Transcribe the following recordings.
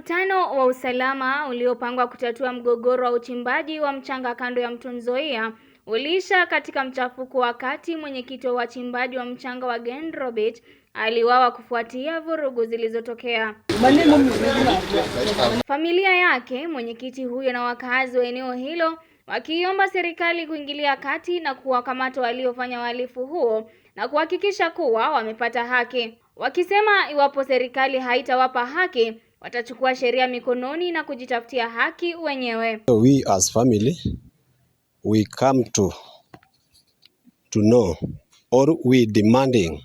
Mkutano wa usalama uliopangwa kutatua mgogoro wa uchimbaji wa mchanga kando ya mto Nzoia uliisha katika mchafuko wakati mwenyekiti wa wachimbaji wa mchanga wa Gendrobit aliwawa kufuatia vurugu zilizotokea. Familia yake, mwenyekiti huyo na wakazi wa eneo hilo wakiomba serikali kuingilia kati na kuwakamata waliofanya uhalifu huo na kuhakikisha kuwa wamepata haki, wakisema iwapo serikali haitawapa haki watachukua sheria mikononi na kujitafutia haki wenyewe. We as family we come to to know or we demanding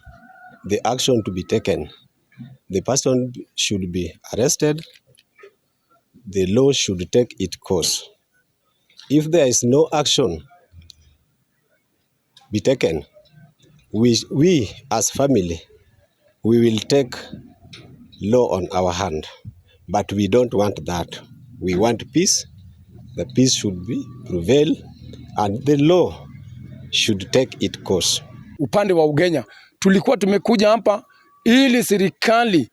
the action to be taken the person should be arrested the law should take its course if there is no action be taken we, we as family we will take law on our hand. But we don't want that. We want peace. The peace should be prevail and the law should take its course. Upande wa Ugenya tulikuwa tumekuja hapa ili serikali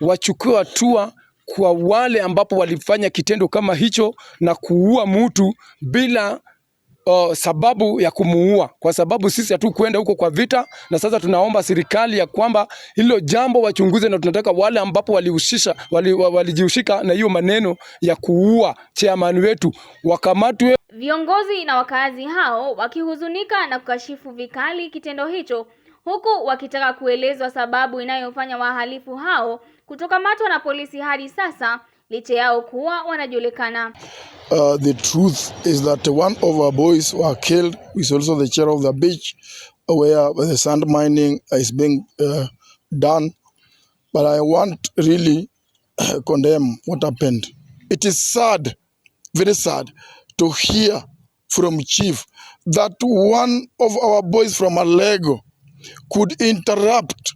wachukue hatua kwa wale ambapo walifanya kitendo kama hicho na kuua mtu bila uh, sababu ya kumuua, kwa sababu sisi hatu kwenda huko kwa vita, na sasa tunaomba serikali ya kwamba hilo jambo wachunguze, na tunataka wale ambapo walihusisha walijihusika wali na hiyo maneno ya kuua chairman wetu wakamatwe. Viongozi na wakazi hao wakihuzunika na kukashifu vikali kitendo hicho, huku wakitaka kuelezwa sababu inayofanya wahalifu hao kutokamatwa na polisi hadi sasa licha yao kuwa wanajulikana. Uh, the truth is that one of our boys were killed is also the chair of the beach where the sand mining is being uh, done but I want really uh, condemn what happened. It is sad, very sad to hear from chief that one of our boys from Alego could interrupt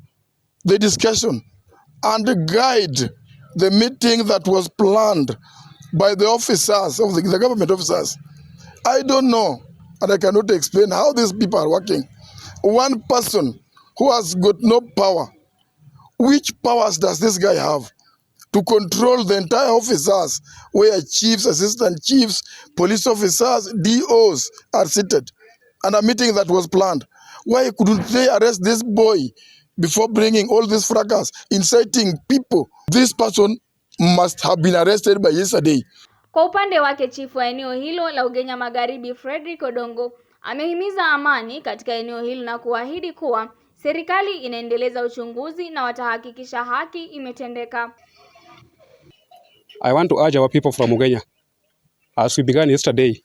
the discussion and guide the meeting that was planned by the officers of the, the government officers. I don't know, and I cannot explain how these people are working. One person who has got no power. Which powers does this guy have to control the entire officers where chiefs, assistant chiefs, police officers, DOs are seated and a meeting that was planned? Why couldn't they arrest this boy before bringing all this fracas, inciting people. This person must have been arrested by yesterday. Kwa upande wake, chifu wa eneo hilo la Ugenya Magharibi frederick Odongo amehimiza amani katika eneo hilo na kuahidi kuwa serikali inaendeleza uchunguzi na watahakikisha haki imetendeka. I want to urge our people from Ugenya as we began yesterday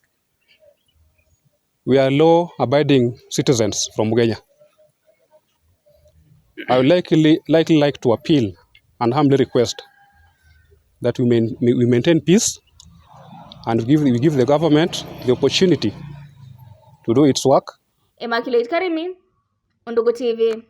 we are law abiding citizens from Ugenya I would likely, likely like to appeal and humbly request that we, main, we maintain peace and give, we give the government the opportunity to do its work. Immaculate Karimi, Undugu TV.